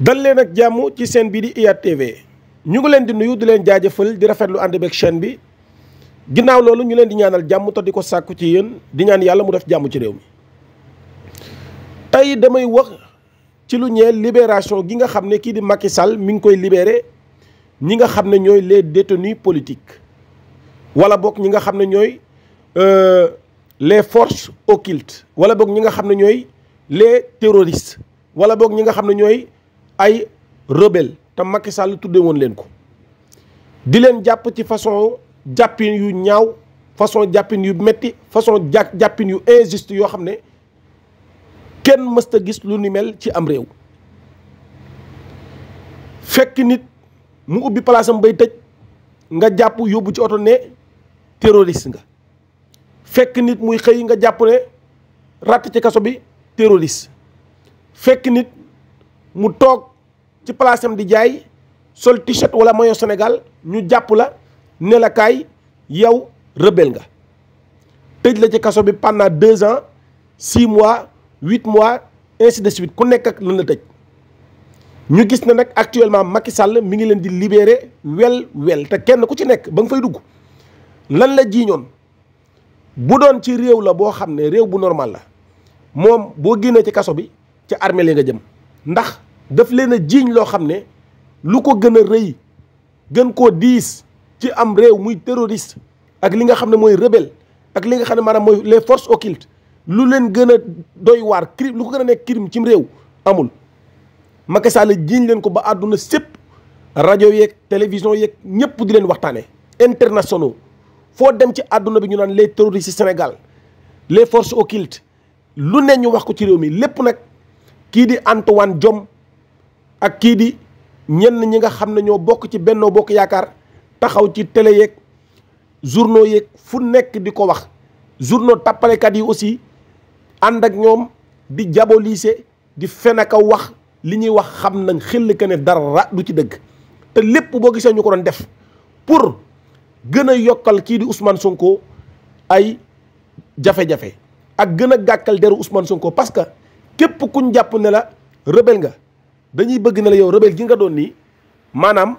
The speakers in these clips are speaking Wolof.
dal leen ak jàmm ci seen bii di IYAT TV ñu ngi leen di nuyu di leen jaajëfal di rafetlu ànd beeg chaîne bi ginnaaw loolu ñu leen di ñaanal jàmm te di ko sàkku ci yéen di ñaan yàlla mu def jàmm ci réew mi. tey damay wax ci lu ñeel libération gi nga xam ne kii di Macky Sall mi ngi koy libéré ñi nga xam ne ñooy les détenus politiques wala boog ñi nga xam ne ñooy euh, les force occultes wala boog ñi nga xam ne ñooy les terroristes wala boog ñi nga xam ne ñooy. ay rebelle te Macky Sall tuddee woon leen ko di leen jàpp ci façon jàppin yu ñaaw façon jàppin yu metti façon jàkk jàppin yu injuste yoo xam ne kenn mësta gis lu ni mel ci am réew fekk nit mu ubbi palaasam bay tëj nga jàpp yóbbu ci oto ne terroriste nga fekk nit muy xëy nga jàpp ne ratt ci kaso bi terroriste fekk nit mu toog ci place di jaay sol t-shirt wala maillot senegal ñu jàpp la nelakaay yow rebelle nga tëj la ci kaso bi pendant deux ans six mois huit mois ainsi de suite ku nekk ak lan la tëj ñu gis ne nag actuellement Macky Sall mi ngi leen di libéré wel wel te kenn ku ci nekk ba nga fay dugg lan la jiiñoon bu doon ci réew la boo xam ne réew bu normal la moom boo génnee ci kaso bi ci armée li nga jëm ndax daf leen a jiiñ loo xam ne lu ko gën a rëy gën koo diis ci am réew muy terroriste ak li nga xam ne mooy rebelle ak li nga xam ne maanaam mooy les forces occultes lu leen gën a doy waar crime lu ko gën a nekk crime cim réew amul Macky Sall jiiñ leen ko ba àdduna sépp rajo yeeg télévision yeeg ñëpp di leen waxtaanee internationaux foo dem ci àdduna bi ñu naan les terroristes Sénégal les forces occultes lu ne ñu wax ko ci réew mi lépp nag kii di Antoine jomm ak kii di ñenn ñi nga xam ne ñoo bokk ci Benno Bokk Yaakaar taxaw ci télé yeeg journaux yeeg fu nekk di ko wax journaux tappalekat yi aussi ànd ak ñoom di liise di fen ak a wax li ñuy wax xam nañ xel que ne dara du ci dëgg te lépp boo gisee ñu ko doon def pour gën a yokkal kii di Ousmane Sonko ay jafe-jafe ak gën a gàkkal deru Ousmane Sonko parce que képp kuñ jàpp ne la rebelle nga dañuy bëgg na la yow rebelle gi nga doon nii maanaam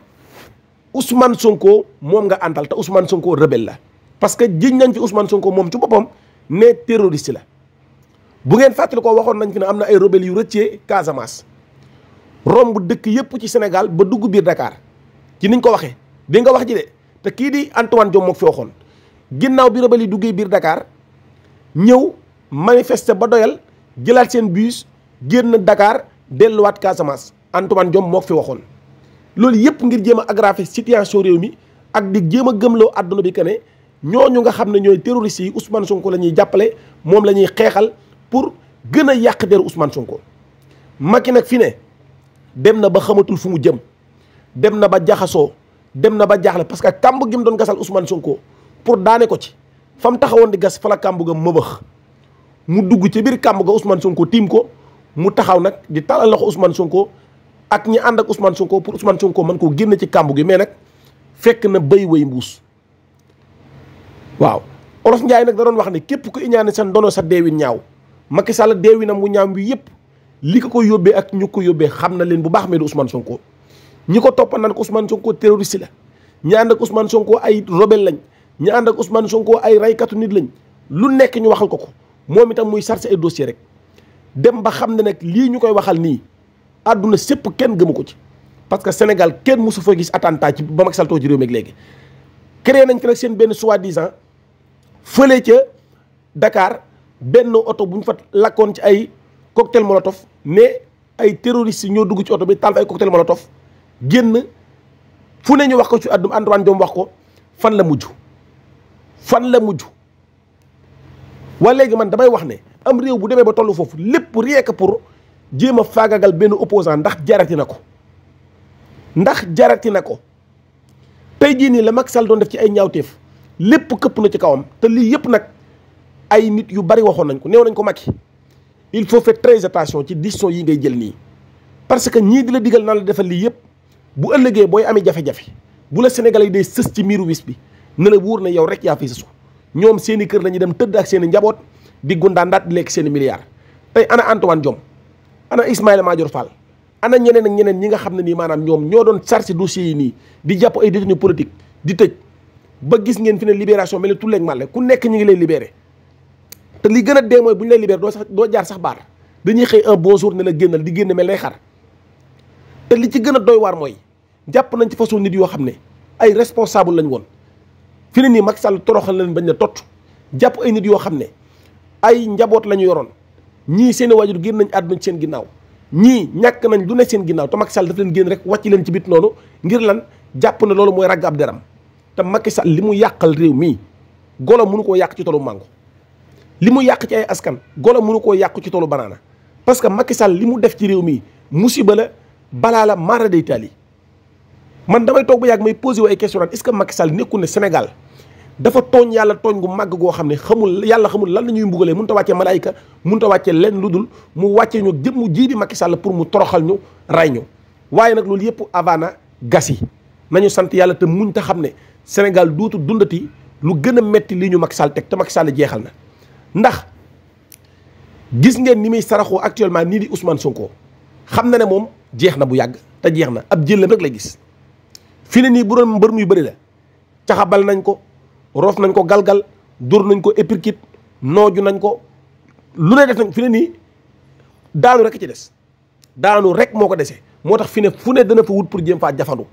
Ousmane Sonko moom nga àndal te Ousmane Sonko rebelle la parce que jiñ nañ fi Ousmane Sonko moom ci boppam ne terroriste la bu ngeen fàttali ko waxoon nañ fi ne am na ay rebelle yu rëccee Casamance romb dëkk yépp ci Sénégal ba dugg biir dakaar ci niñ ko waxee di nga wax ji de te kii di antwan Diome mook fi waxoon ginnaaw bi rebelle yi duggee biir dakaar ñëw manifester ba doyal jëlaat seen bus génn dakaar delluwaat Casamance Antoine Diome moo fi waxoon loolu yëpp ngir jéem a aggraver situation réew mi ak di jéem a gëmloo àdduna bi que ñoo ñu nga xam ne ñooy terroristes yi Ousmane Sonko la ñuy jàppale moom la ñuy xeexal pour gën a yàq deru Ousmane Sonko. Macky nag fi ne dem na ba xamatul fu mu jëm dem na ba jaxasoo dem na ba jaaxle parce que kàmb gi mu doon gasal Ousmane Sonko pour daane ko ci fa mu taxawoon di gas fa la kàmb ga mëbëx mu dugg ci biir kàmb ga Ousmane Sonko tiim ko. mu taxaw nag di talal loxo Ousmane Sonko ak ñi ànd ak Ousmane Sonko pour Ousmane Sonko man koo génn ci kàmbu gi mais nag fekk na béy way mbuus waaw Olof Njaay nag da doon wax ne képp ku iñaane sa ndono sa deewin ñaaw Macky Sall deewinam mu ñaaw bi yëpp li ko ko yóbbee ak ñu ko yóbbee xam na leen bu baax mais du Ousmane Sonko ñi ko toppa naan ko Ousmane Sonko terroriste la ñi ànd ak Ousmane Sonko ay rebelle lañ ñi ànd ak Ousmane Sonko ay raykatu nit lañ lu nekk ñu waxal ko ko moom itam muy chargé ay dossier rek dem ba xam ne nag lii ñu koy waxal nii àdduna sépp kenn gëmu ko ci parce que Sénégal kenn mosu fa gis attentat ci ba Macky Sall toog ci réew mi léegi créé nañ ko nag seen benn soi-disant fële ca Dakar benn oto bu fa lakkoon ci ay cocktail molotov ne ay terroristes ñoo dugg ci oto bi taal fa ay cocktail molotov génn fu ne ñu wax ko ci àdduna Antoine Diome wax ko fan la mujj fan la mujj waa léegi man damay wax ne am réew bu demee ba tollu foofu lépp rien que pour jéem a faagagal benn opposant ndax jarati na ko ndax jarati na ko tey jii nii la mag Sall doon def ci ay ñaawteef lépp këpp na ci kawam te lii yëpp nag ay nit yu bari waxoon nañ ko néew nañ ko Macky il faut faire très attention ci décision yi ngay jël nii parce que ñii di la digal naan la defal lii yëpp bu ëllëgee booy amee jafe-jafe bu la Sénégalais yi day sës ci miiru wis bi ne la wóor na yow rek yaa fi ñoom seen kër la ñuy dem tëdd ak seen i njaboot di gundaan daat di lekk seen milliards tey ana Antoine Diome ana Ismaïla Madior Fall ana ñeneen ak ñeneen ñi nga xam ne nii maanaam ñoom ñoo doon chargé dossiers yi nii di jàpp ay détenus politiques di tëj ba gis ngeen fi ne libération mel ni tulleeg màlle ku nekk ñu ngi lay libéré te li gën a dee mooy bu ñu lay libéré doo sax doo jaar sax baar dañuy xëy un bon jour ne la génnal di génn mel lay xar te li ci gën a doy waar mooy jàpp nañ ci façon nit yoo xam ne ay responsable lañ woon fi ne nii Macky Sall toroxal leen bañ ne tot jàpp ay yoo xam ne ay njaboot la ñu yoroon ñii seen i waajur génn nañ àdduna ci seen ginnaaw ñii ñàkk nañ lu ne seen ginnaaw te Macky Sall leen génn rek wàcc leen ci bit noonu ngir lan jàpp na loolu mooy ragg ab deram te Macky Sall li mu yàqal réew mii golo mënu koo yàq ci tolu mango li mu yàq ci ay askan golo mënu koo yàq ci tolu banaana parce que Macky Sall li mu def ci réew mii musiba la balaa la mara day taal yi man damay toog ba yàgg may posé wu ay question est-ce que Macky Sall nekkul ne Sénégal dafa tooñ yàlla tooñ gu màgg goo xam ne xamul yàlla xamul lan la ñuy mbugalee mënut a wàccee malaayika mënut a wàccee lenn lu dul mu wàccee ñu jëm mu jii di Macky Sall pour mu toroxal ñu ray ñu waaye nag loolu yëpp avana gasi nañu sant yàlla te muñ ta xam ne Sénégal dootu dundati lu gën a metti lii ñu Macky Sall teg te Macky Sall jeexal na ndax gis ngeen ni muy saraxoo actuellement nii di Ousmane Sonko xam na ne moom jeex na bu yàgg te jeex na ab jëllam rek la gis fi ne nii bu mbër muy bëri la caxabal nañ ko roof nañ ko galgal dóor nañ ko épirkit nooju nañ ko lu ne def nañ fi ne nii daanu rek ci des daanu rek moo ko desee moo tax fi ne fu ne dana fa wut pour jéem faa jafandu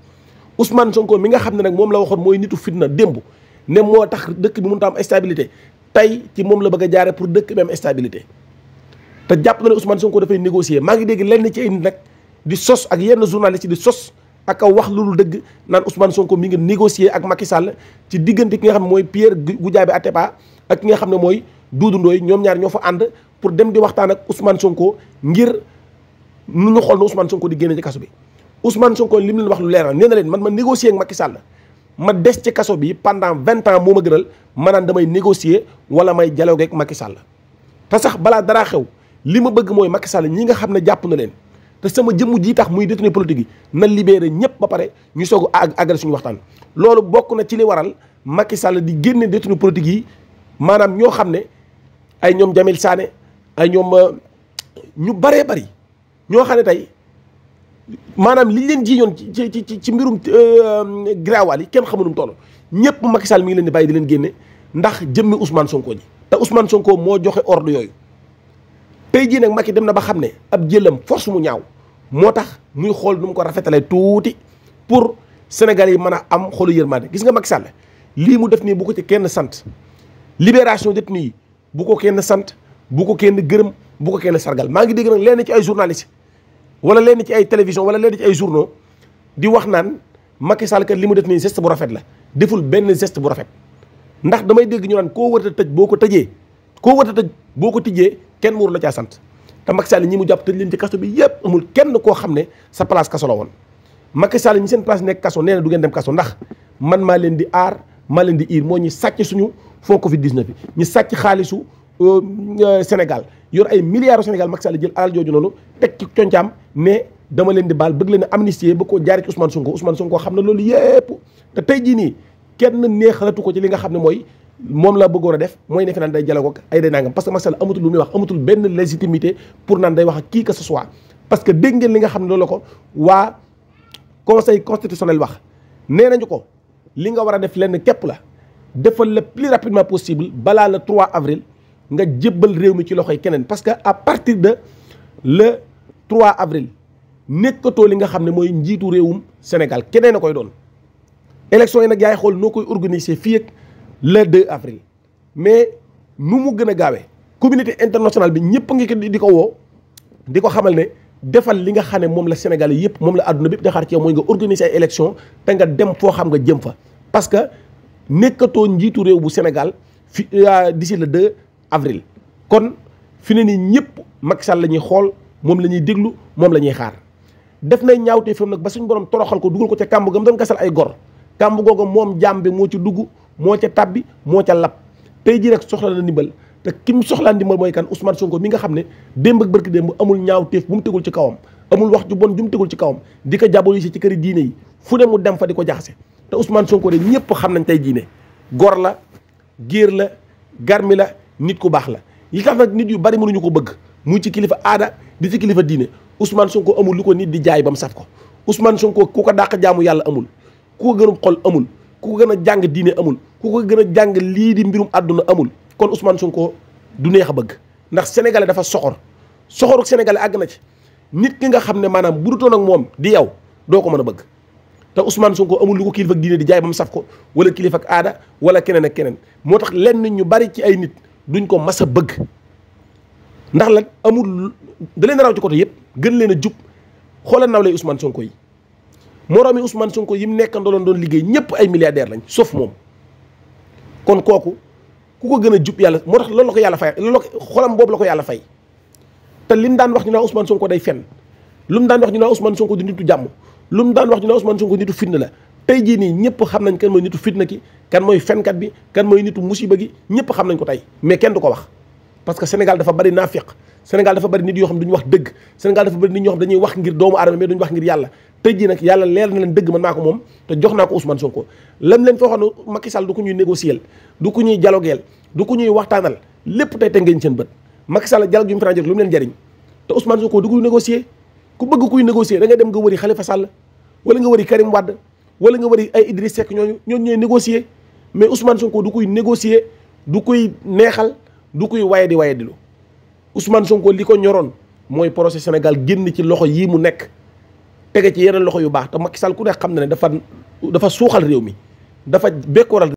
Ousmane Sonko mi nga xam ne nag moom la waxoon mooy nitu fitna démb ne moo tax dëkk bi mënut a am stabilité tey ci moom la bëgg a jaare pour dëkk bi am stabilité te jàpp na ne Ousmane Sonko dafay négocier maa ngi dégg lenn ci ay rek di sos ak yenn journaliste di sos ak wax lu dëgg naan Ousmane Sonko mi ngi négocier ak Macky Sall ci diggante ki nga xam ne mooy Pierre Goudiaby Atepa ak ki nga xam ne mooy Doudou Ndoye ñoom ñaar ñoo fa ànd pour dem di waxtaan ak Ousmane Sonko ngir nu ñu xool na Ousmane Sonko di génne ci kaso bi Ousmane Sonko li mu leen wax lu leer na nee leen man ma négocier ak Macky Sall ma des ci kaso bi pendant vingt ans moo ma gënal ma naan damay négocier wala may dialogue ak Macky Sall te sax balaa dara xew li ma bëgg mooy Macky Sall ñi nga xam ne jàpp na leen. te sama jëmm jii tax muy détenu politique yi na libéré ñëpp ba pare ñu soog a àggale suñu waxtaan. loolu bokk na ci li waral Macky Sall di génne détenu politique yi maanaam ñoo xam ne ay ñoom Jamil Sané ay ñoom euh, ñu baree bari ñoo xam ne tey maanaam liñ leen jiiñoon ci ci ci ci mbirum euh, giraawaal yi kenn xamuñu toll ñëpp Macky Sall mi ngi leen di bàyyi di leen génne ndax jëmmi Ousmane Sonko ji. te Ousmane Sonko moo joxe ordre yooyu. tey jii nag Macky dem na ba xam ne ab jëlam force mu ñaaw moo tax muy xool nu mu ko rafetalee tuuti pour Sénégal yi mën a am xolu yërmande gis nga Macky Sall lii mu def nii bu ko ci kenn sant libération détenus yi bu ko kenn sant bu ko kenn gërëm bu kenn sargal maa ngi dégg nag lenn ci ay journaliste wala lenn ci ay télévision wala lenn ay journaux di wax naan Macky Sall kat li mu def nii geste bu rafet la deful benn geste bu rafet ndax damay dégg ñu naan koo war a tëj boo ko tëjee koo war a tëj boo ko tijjee kenn waru la caa sant te Macky Sall ñi mu jàpp tëj leen ci kaso bi yëpp amul kenn koo xam ne sa place kaso la woon Macky la ñi seen place nekk kaso nee na du ngeen dem kaso ndax man maa leen di aar maa leen di iir moo ñi sàcc suñu fond Covid 19 bi ñu sàcc xaalisu euh, euh, Sénégal yor ay milliards Sénégal Macky la jël alal jooju noonu teg ci concaam ne dama leen di baal bëgg leen a amnistier ba koo jaaree ci Ousmane Sonko Ousmane Sonko xam na loolu yëpp tey jii nii kenn neexalatu ko ci li nga xam ne mooy moom la bëggoon a def mooy nekk naan day dialogue ko ay day nangam parce que Macky Sall amatul lu muy wax amatul benn légitimité pour naan day wax ak kii que ce parce que dégg ngeen li nga xam ne loolu la ko waa conseil constitutionnel wax nee nañu ko li nga war a def lenn képp la defal le plus rapidement possible balaa la trois avril nga jébbal réew mi ci loxoy keneen parce que à partir de le 3 avril nekkatoo li nga xam ne mooy njiitu réewum Sénégal keneen a koy doon élection yi nag yaay xool noo koy organiser fii le 2 avril mais nu mu gën a gaawee communauté internationale bi ñëpp a ngi ko di ko woo di ko xamal ne defal li nga xam ne moom la Sénégalais yëpp moom la àdduna bépp di xaar ci yow mooy nga organiser ay élection te nga dem foo xam nga jëm fa parce que nekkatoo njiitu réew bu Sénégal fi euh, d'ici le 2 avril kon fi ne nii ñëpp Macky Sall la ñuy xool moom la ñuy déglu moom la ñuy xaar def nay ñaawtee fam nag ba suñ borom toroxal ko dugal ko ca kàmb gam doon gasal ay gor kàmb googu moom jaam bi moo ci dugg moo ca tàbbi moo ca lab tey jii rek soxla na ndimbal te kim mu soxlaan ndimbal mooy kan Ousmane Sonko mi nga xam ne démb ak barki démb amul ñaaw téef bu mu tegul ci kawam amul wax ju bon ju mu tegul ci kawam di ko diaboliser ci këri diine yi fu ne mu dem fa di te Ousmane Sonko de ñëpp xam nañ tey diine gor la géer la garmi la nit ku baax la yi tax nag nit yu bari mënuñu ko bëgg muy ci kilifa aada di ci kilifa diine Ousmane Sonko amul lu ko nit di jaay ba mu saf ko Ousmane Sonko ku ko dàq jaamu yàlla amul ku ko gën a xol amul ku ko gën a jàng diine amul ku ko gën a jàng lii di mbirum àdduna amul kon Ousmane Sonko du neex a bëgg ndax sénégalais dafa soxor soxoruk sénégalais àgg na ci nit ki nga xam ne maanaam bu dutoon ak moom di yow doo ko mën a bëgg te Ousmane Sonko amul lu ko kilifa ak diine di jaay ba mu saf ko wala kilifa ak aada wala keneen ak keneen moo tax lenn ñu bari ci ay nit duñ ko mas bëgg ndax la amul da leen raw ci côté yëpp gën leen a jub xoolal nawle Ousmane Sonko yi moroomi Ousmane Sonko yi mu nekkandoo doon liggéey ñëpp ay milliardaire lañ sauf moom. kon kooku ku ko gën a jub yàlla moo tax loolu la ko yàlla fay loolu xolam boobu la ko yàlla fay te lim daan wax ñu naan Ousmane Sonko day fenn lu mu daan wax ñu naan Ousmane Sonko du nitu jàmm lu mu daan wax ñu naan Ousmane nit nitu fitna la tey jii nii ñëpp xam nañ kenn mooy nitu fitna ki kenn mooy fenkat bi kan mooy nitu musiba gi ñëpp xam nañ ko tey mais kenn du ko wax parce que Sénégal dafa bari naafiq Sénégal dafa bari nit yoo xam duñu wax dëgg Sénégal dafa bari nit ñoo xam dañuy wax ngir doomu aadama mais duñu wax ngir yàlla tey jii nag yàlla leer na leen dëgg man maa ko moom te jox naa ko Ousmane Sonko lam leen foo xam ne Macky Sall du ko ñuy négocier du ko ñuy dialoguer du ko ñuy waxtaanal lépp tey te ngeen seen bët Macky Sall dialogue yu mu fi rek lu mu leen jariñ te Ousmane Sonko du ku bëgg kuy négocier da ngay dem nga wëri fa Sall wala nga wëri Karim Wade wala nga wëri ay Idriss Seck ñooñu ñooñu ñooy négocier mais Ousmane Sonko du koy négocier du koy neexal du koy waye di waye di lu Ousmane Sonko li ko ñoroon mooy procès Sénégal génn ci loxo yii mu nekk tege ci yeneen loxo yu baax te ma Sall ku ne xam na ne dafa dafa suuxal réew mi dafa bekkooral